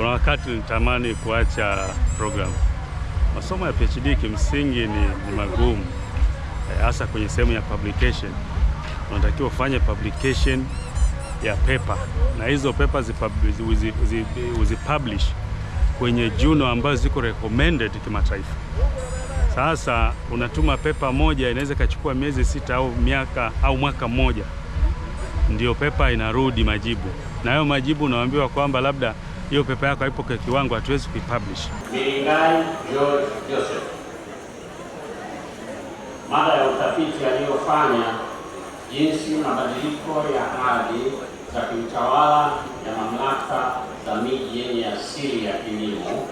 Kuna wakati nitamani kuacha program. Masomo ya PhD kimsingi ni, ni magumu eh, hasa kwenye sehemu ya publication. Unatakiwa ufanye publication ya paper na hizo paper uzipublish kwenye juno ambazo ziko recommended kimataifa. Sasa unatuma pepa moja inaweza ikachukua miezi sita au miaka au mwaka mmoja, ndio pepa inarudi majibu, na hayo majibu unaambiwa kwamba labda hiyo pepa yako haipo kwa kiwango, hatuwezi kuipublish. Milingai George Joseph, mada ya utafiti aliyofanya jinsi mabadiliko ya hali za kiutawala ya mamlaka za miji yenye asili ya kilimo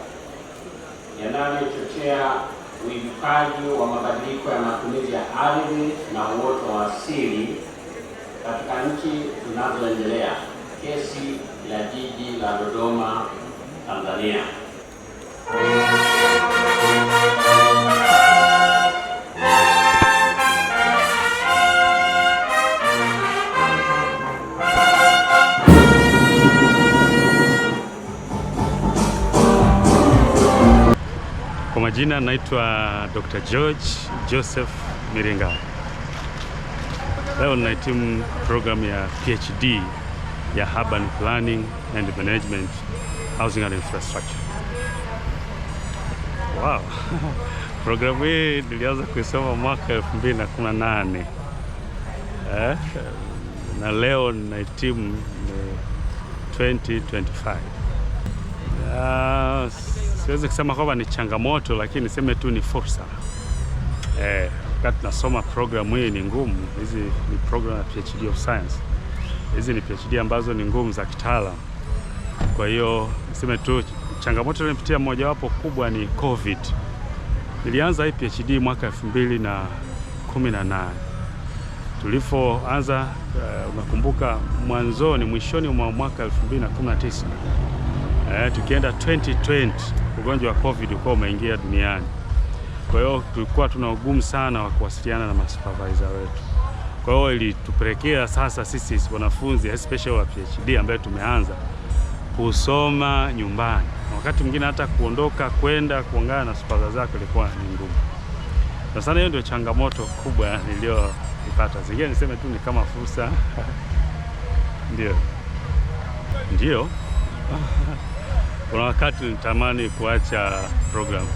yanavyochochea uibukaji wa mabadiliko ya matumizi ya ardhi na uoto wa asili katika nchi zinazoendelea. Kesi la jiji la Dodoma, Tanzania. Kwa majina naitwa Dr. George Joseph Miringa. Leo ninahitimu programu ya PhD ya urban planning and management, housing and infrastructure. Wow. Programu hii nilianza kuisoma mwaka 2018. Eh, na leo nahitimu 2025. Uh, siwezi kusema kwamba ni changamoto, lakini niseme tu ni fursa. Eh, wakati nasoma programu hii ni ngumu, hizi ni program ya PhD of Science hizi ni PhD ambazo ni ngumu za kitaalam. Kwa hiyo niseme tu changamoto niliyopitia mojawapo kubwa ni COVID. Nilianza hii PhD mwaka 2018 mbili na Uh, unakumbuka mwanzoni, mwishoni mwa mwaka 2019 uh, eh, tukienda 2020 ugonjwa wa COVID ulikuwa umeingia duniani. Kwa hiyo tulikuwa tuna ugumu sana wa kuwasiliana na masupervisor wetu kwa hiyo ilitupelekea sasa sisi wanafunzi especially wa PhD ambayo tumeanza kusoma nyumbani, wakati mwingine hata kuondoka kwenda kuongana na supervisor zako ilikuwa ni ngumu. Na sana hiyo ndio changamoto kubwa niliyoipata. Zingine niseme tu ni kama fursa ndio ndio kuna wakati nitamani kuacha program.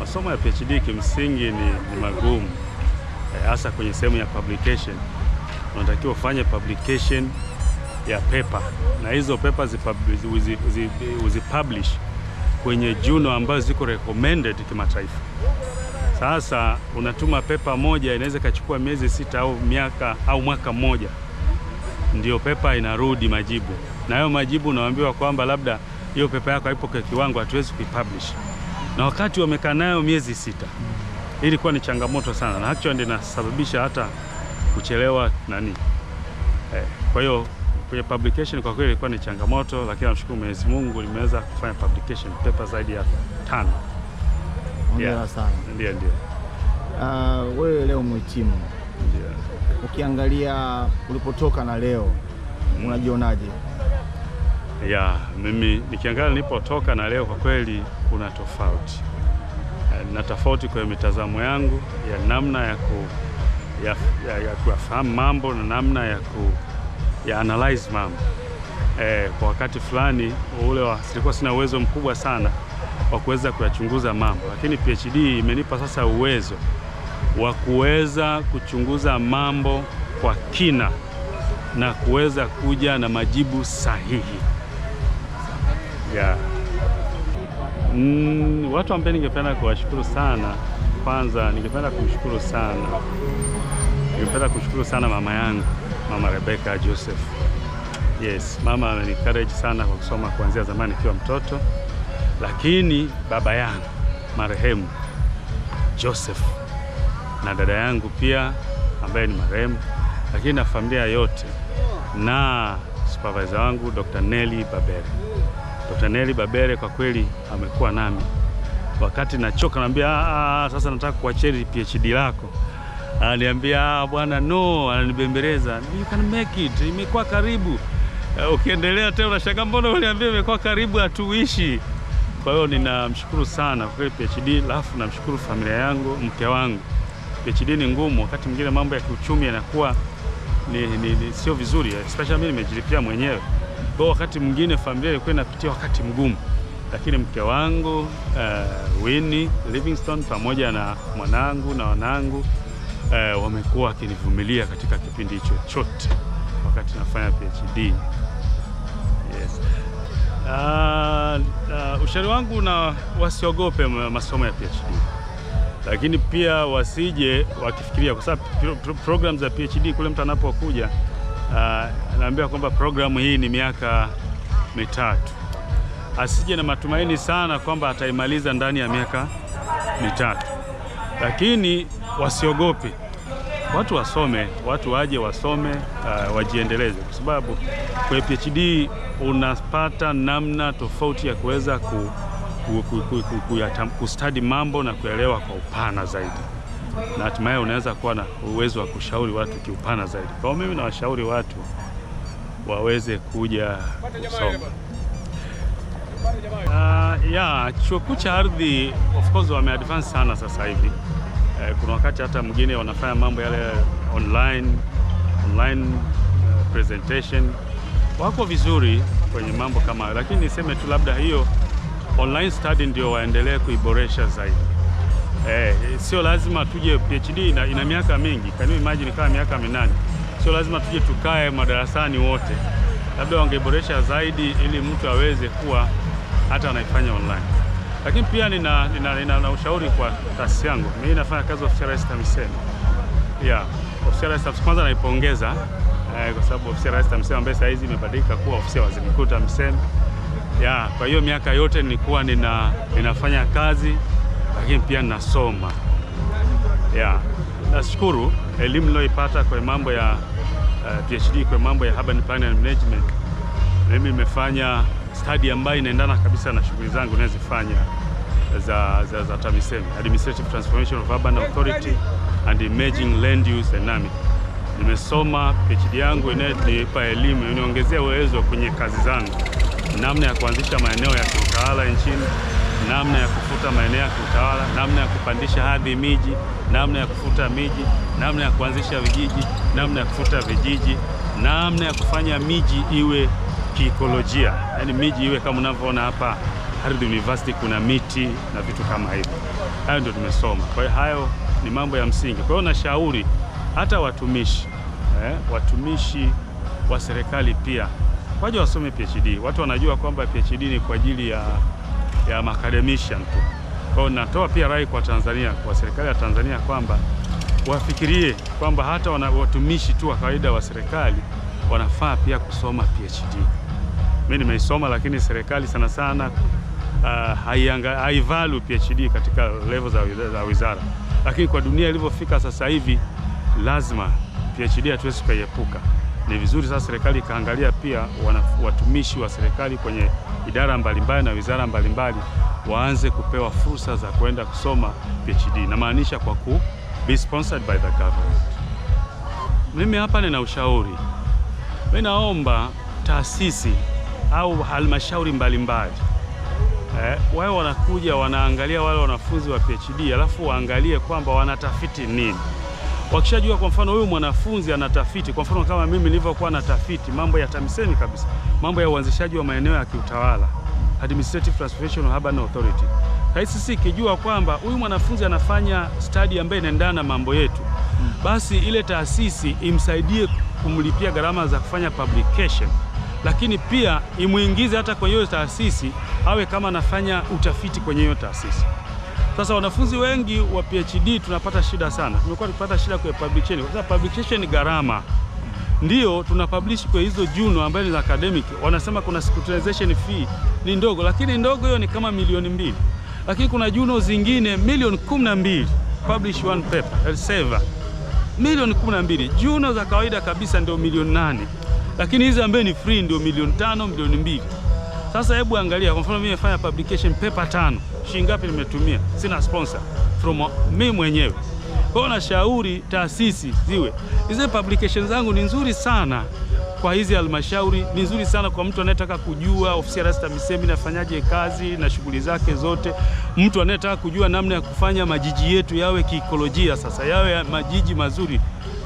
Masomo ya PhD kimsingi ni, ni magumu Eh, hasa kwenye sehemu ya publication, unatakiwa ufanye publication ya paper na hizo paper uzipublish kwenye juno ambazo ziko recommended kimataifa. Sasa unatuma pepa moja inaweza ikachukua miezi sita au miaka au mwaka mmoja, ndio pepa inarudi majibu, na hayo majibu unaambiwa kwamba labda hiyo pepa yako haipo kwa kiwango, hatuwezi kuipublish, na wakati wamekaa nayo miezi sita ilikuwa ni changamoto sana, na actually inasababisha hata kuchelewa nani eh. Kwa hiyo kwenye publication kwa kweli ilikuwa ni changamoto, lakini namshukuru Mwenyezi Mungu nimeweza kufanya publication paper zaidi ya tano. Yeah. Sana. Ndio, ndio. Uh, wewe leo mhitimu yeah. Ukiangalia ulipotoka na leo mm. unajionaje? Yeah, mimi nikiangalia nilipotoka na leo kwa kweli kuna tofauti na tofauti kwenye mitazamo yangu ya namna ya, ku, ya, ya, ya kuyafahamu mambo na namna ya, ku, ya analyze mambo e, kwa wakati fulani ule wa, silikuwa sina uwezo mkubwa sana wa kuweza kuyachunguza mambo, lakini PhD imenipa sasa uwezo wa kuweza kuchunguza mambo kwa kina na kuweza kuja na majibu sahihi yeah. Mm, watu ambao ningependa kuwashukuru sana, kwanza ningependa kumshukuru sana, ningependa kushukuru sana mama yangu, mama Rebeka Joseph. Yes, mama amenicourage sana kwa kusoma kuanzia zamani kiwa mtoto, lakini baba yangu marehemu Joseph na dada yangu pia ambaye ni marehemu, lakini na familia yote na supervisor wangu Dr. Nelly Babere Dr. Neli Babere kwa kweli amekuwa nami wakati nachoka, naambia ah, ah, ah, sasa nataka kuacheri PhD lako, ananiambia bwana no, ananibembeleza you can make it, imekuwa karibu. Eh, ukiendelea tena unashangaa mbona uliambia imekuwa karibu, hatuishi. Kwa hiyo ninamshukuru sana kwa kweli PhD, alafu namshukuru familia yangu, mke wangu. PhD ni ngumu, wakati mwingine mambo ya kiuchumi yanakuwa ni, ni, ni sio vizuri, especially mimi nimejilipia mwenyewe. Kwa wakati mwingine familia ilikuwa inapitia wakati mgumu, lakini mke wangu uh, Winnie Livingstone pamoja na mwanangu na wanangu uh, wamekuwa wakinivumilia katika kipindi hicho chote wakati nafanya PhD. Yes. Uh, uh, ushauri wangu na wasiogope masomo ya PhD, lakini pia wasije wakifikiria, kwa sababu program za PhD kule mtu anapokuja uh, anaambiwa kwamba programu hii ni miaka mitatu, asije na matumaini sana kwamba ataimaliza ndani ya miaka mitatu, lakini wasiogope watu wasome, watu waje wasome, uh, wajiendeleze, kwa sababu kwenye PhD unapata namna tofauti ya kuweza ku, ku, ku, ku, ku, ku, kustadi mambo na kuelewa kwa upana zaidi na hatimaye unaweza kuwa na uwezo wa kushauri watu kiupana zaidi. Kwa mimi nawashauri watu waweze kuja kusoma. Uh, ya chuo kikuu cha ardhi of course wameadvance sana sasa hivi. Uh, kuna wakati hata mwingine wanafanya mambo yale online, online uh, presentation wako vizuri kwenye mambo kama hayo, lakini niseme tu labda hiyo online study ndio waendelee kuiboresha zaidi eh, sio lazima tuje PhD ina, ina miaka mingi, can you imagine kama miaka minane, sio lazima tuje tukae madarasani wote, labda wangeboresha zaidi ili mtu aweze kuwa hata anaifanya online. Lakini pia nina, nina, nina, nina ushauri kwa taasisi yangu. Mimi nafanya kazi ofisi ya Rais TAMISEMI. Yeah, ofisi ya Rais TAMISEMI kwanza naipongeza eh, kwa sababu ofisi ya Rais TAMISEMI ambayo sasa hizi imebadilika kuwa ofisi ya Waziri Mkuu TAMISEMI. Yeah, kwa hiyo miaka yote nilikuwa nina, ninafanya kazi lakini pia nasoma yeah. Nashukuru elimu niliyoipata kwa mambo ya uh, eh, PhD kwa mambo ya urban planning and management. Mimi nimefanya study ambayo inaendana kabisa na shughuli zangu ninazofanya za, za, za TAMISEMI, Administrative Transformation of Urban Authority and Emerging Land Use Dynamic. Nimesoma PhD yangu inayonipa elimu, inaongezea uwezo kwenye kazi zangu, namna ya kuanzisha maeneo ya kiutawala nchini namna ya kufuta maeneo ya kiutawala, namna ya kupandisha hadhi miji, namna ya kufuta miji, namna ya kuanzisha vijiji, namna ya kufuta vijiji, namna ya kufanya miji iwe kiikolojia, yaani miji iwe kama unavyoona hapa Harvard University kuna miti na vitu kama hivyo. Hayo ndio tumesoma. Kwa hiyo hayo ni mambo ya msingi. Kwa hiyo nashauri hata watumishi eh, watumishi wa serikali pia waje wasome PhD. Watu wanajua kwamba PhD ni kwa ajili ya ya academician tu. Kwa hiyo natoa pia rai kwa Tanzania, kwa serikali ya Tanzania kwamba wafikirie kwamba hata watumishi tu wa kawaida wa serikali wanafaa pia kusoma PhD. Mimi nimeisoma, lakini serikali sana sana uh, ah, haivalu PhD katika level za wizara, lakini kwa dunia ilivyofika sasa hivi lazima PhD hatuwezi kuiepuka ni vizuri sasa serikali ikaangalia pia watumishi wa serikali kwenye idara mbalimbali na wizara mbalimbali waanze kupewa fursa za kwenda kusoma PhD, namaanisha kwa ku be sponsored by the government. Mimi hapa nina ushauri, mimi naomba taasisi au halmashauri mbalimbali eh, wao wanakuja wanaangalia wale wanafunzi wa PhD, alafu waangalie kwamba wanatafiti nini wakishajua kwa mfano huyu mwanafunzi anatafiti, kwa mfano kama mimi nilivyokuwa natafiti mambo ya TAMISEMI kabisa, mambo ya uanzishaji wa maeneo ya kiutawala, administrative transformation of urban authority. Sisi ikijua kwamba huyu mwanafunzi anafanya study ambayo inaendana na mambo yetu, basi ile taasisi imsaidie kumlipia gharama za kufanya publication, lakini pia imwingize hata kwenye hiyo taasisi awe kama anafanya utafiti kwenye hiyo taasisi. Sasa wanafunzi wengi wa PhD tunapata shida sana, tumekuwa tukipata shida kwa publication. Kwa sababu publication ni gharama, ndio tunapublish kwa hizo juno ambayo ni za academic. Wanasema kuna scrutinization fee ni ndogo, lakini ndogo hiyo ni kama milioni mbili, lakini kuna juno zingine milioni kumi na mbili publish one paper elsevier milioni mbili. Juno za kawaida kabisa ndio milioni nane, lakini hizi ambaye ni free ndio milioni tano, milioni mbili. Sasa hebu angalia, kwa mfano mimi nimefanya publication paper tano shilingi ngapi nimetumia, sina sponsor from mimi mwenyewe. Kwa hiyo nashauri taasisi ziwe hizo publication zangu ni nzuri sana kwa hizi halmashauri ni nzuri sana kwa mtu anayetaka kujua ofisi ya rais TAMISEMI nafanyaje kazi na shughuli zake zote, mtu anayetaka kujua namna ya kufanya majiji yetu yawe kiikolojia, sasa yawe majiji mazuri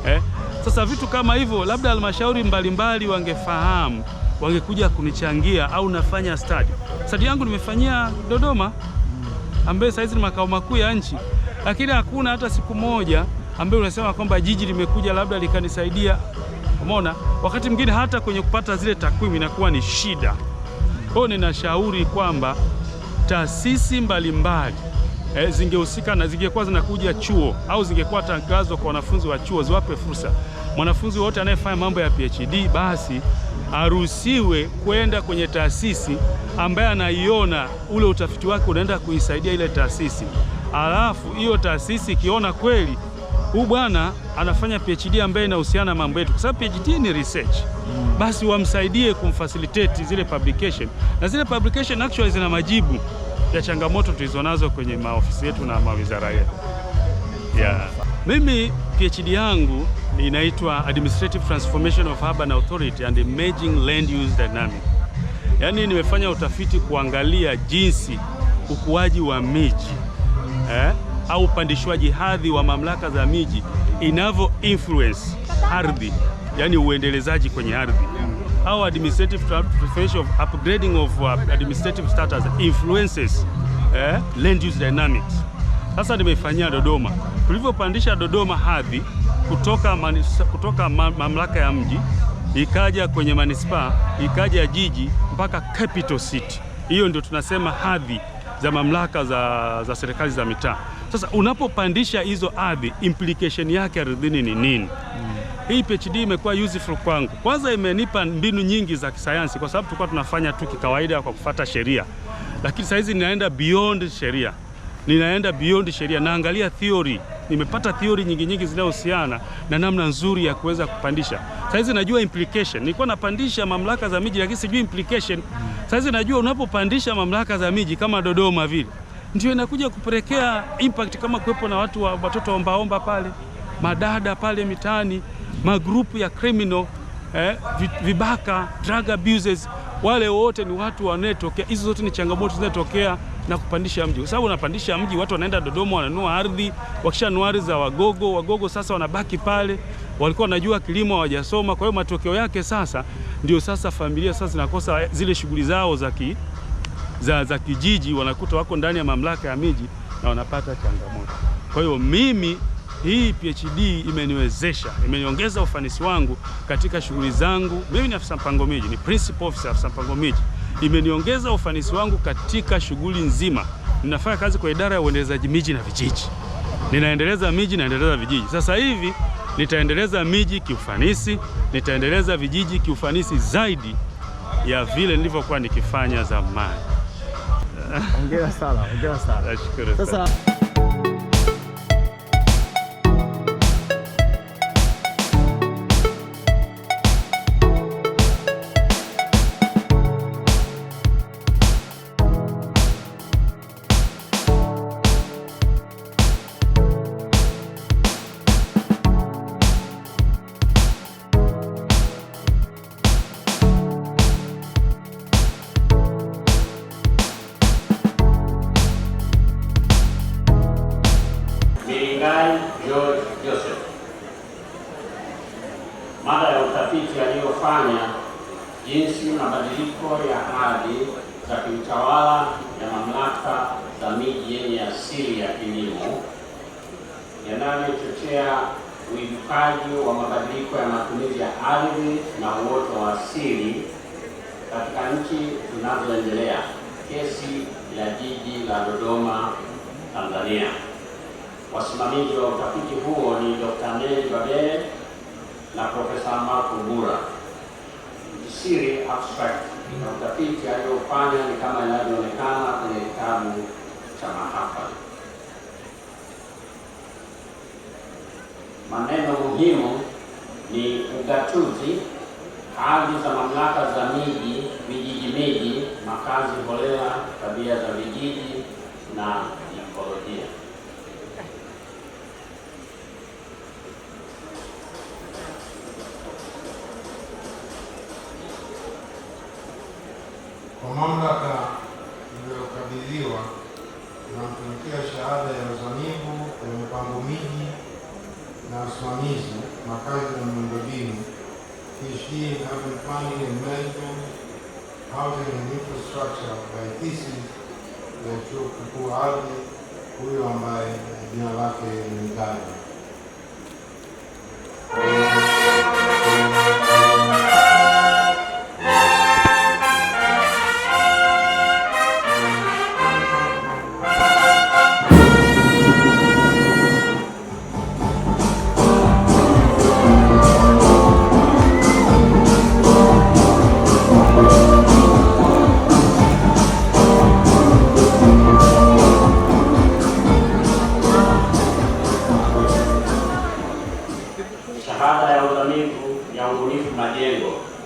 eh. Sasa vitu kama hivyo labda halmashauri mbalimbali wangefahamu, wangekuja kunichangia au nafanya study. Study yangu nimefanyia Dodoma ambayo saizi ni makao makuu ya nchi, lakini hakuna hata siku moja ambayo unasema kwamba jiji limekuja labda likanisaidia. Umeona, wakati mwingine hata kwenye kupata zile takwimu inakuwa ni shida. Kwa ninashauri kwamba taasisi mbalimbali E, zingehusika na zingekuwa zinakuja chuo au zingekuwa tangazo kwa wanafunzi wa chuo, ziwape fursa mwanafunzi wote anayefanya mambo ya PhD basi aruhusiwe kwenda kwenye taasisi ambaye anaiona ule utafiti wake unaenda kuisaidia ile taasisi, alafu hiyo taasisi ikiona kweli huu bwana anafanya PhD ambaye inahusiana na mambo yetu, kwa sababu PhD ni research, basi wamsaidie kumfacilitate zile publication, na zile publication actually zina majibu ya changamoto tulizonazo kwenye maofisi yetu na mawizara yetu. Yeah. Mimi PhD yangu inaitwa Administrative Transformation of Urban Authority and Emerging Land Use Dynamic. Yaani nimefanya utafiti kuangalia jinsi ukuaji wa miji eh, au upandishwaji hadhi wa mamlaka za miji inavyo influence ardhi, yani uendelezaji kwenye ardhi au administrative transformation of upgrading of uh, administrative status influences eh, land use dynamics. Sasa nimeifanyia Dodoma, tulivyopandisha Dodoma hadhi kutoka, manisa, kutoka mamlaka ya mji ikaja kwenye manispaa ikaja jiji mpaka capital city. Hiyo ndio tunasema hadhi za mamlaka za, za serikali za mitaa. Sasa unapopandisha hizo hadhi, implication yake ardhini ni nini? Hii PhD imekuwa useful kwangu. Kwanza imenipa mbinu nyingi za kisayansi, kwa sababu tulikuwa tunafanya tu kikawaida kwa kufata sheria, lakini sasa hizi ninaenda beyond sheria, ninaenda beyond sheria, naangalia theory nimepata theory nyingi nyingi zinazohusiana na namna nzuri ya kuweza kupandisha. Saizi najua implication, nilikuwa napandisha mamlaka za miji lakini sijui implication. Saizi najua unapopandisha mamlaka za miji kama Dodoma vile, ndio inakuja kupelekea impact, kama kuwepo na watu wa watoto ombaomba pale, madada pale mitaani, magrupu ya criminal eh, vibaka, drug abusers, wale wote ni watu wanaetokea hizo zote ni changamoto zinatokea na kupandisha mji, kwa sababu unapandisha mji, watu wanaenda Dodoma wananua ardhi, wakisha ardhi za Wagogo, Wagogo sasa wanabaki pale, walikuwa wanajua kilimo hawajasoma. Kwa hiyo matokeo yake sasa ndio sasa familia sasa zinakosa eh, zile shughuli zao za ki, za, za kijiji, wanakuta wako ndani ya mamlaka ya miji na wanapata changamoto. Kwa hiyo mimi hii PhD imeniwezesha, imeniongeza ufanisi wangu katika shughuli zangu. Mimi ni afisa mpango miji, ni principal officer afisa mpango miji. Imeniongeza ufanisi wangu katika shughuli nzima. Ninafanya kazi kwa idara ya uendelezaji miji na vijiji, ninaendeleza miji, naendeleza vijiji. Sasa hivi nitaendeleza miji kiufanisi, nitaendeleza vijiji kiufanisi zaidi ya vile nilivyokuwa nikifanya zamani. Hongera sana, hongera sana. Nashukuru sana. jinsi mabadiliko ya hali za kiutawala ya mamlaka za miji yenye asili ya kilimo yanavyochochea uibukaji wa mabadiliko ya matumizi ya ardhi na uoto wa asili katika nchi zinazoendelea. Kesi ya jiji la Dodoma, Tanzania. Wasimamizi wa utafiti huo ni Dr. Neli Babele na Profesa Marko Bura siri abstract na utafiti aliyofanya ni kama inavyoonekana kwenye kitabu cha mahafali. Maneno muhimu ni ugatuzi, hadhi za mamlaka za miji, vijiji miji, makazi holela, tabia za vijiji na kwa mamlaka iliyokabidhiwa inamtumikia shahada ya uzamivu ya mpango miji na usimamizi makazi na miundombinu PhD in Planning and Management, Housing and Infrastructure by thesis ya chuo kikuu ardhi, huyo ambaye jina lake ni Mitaji.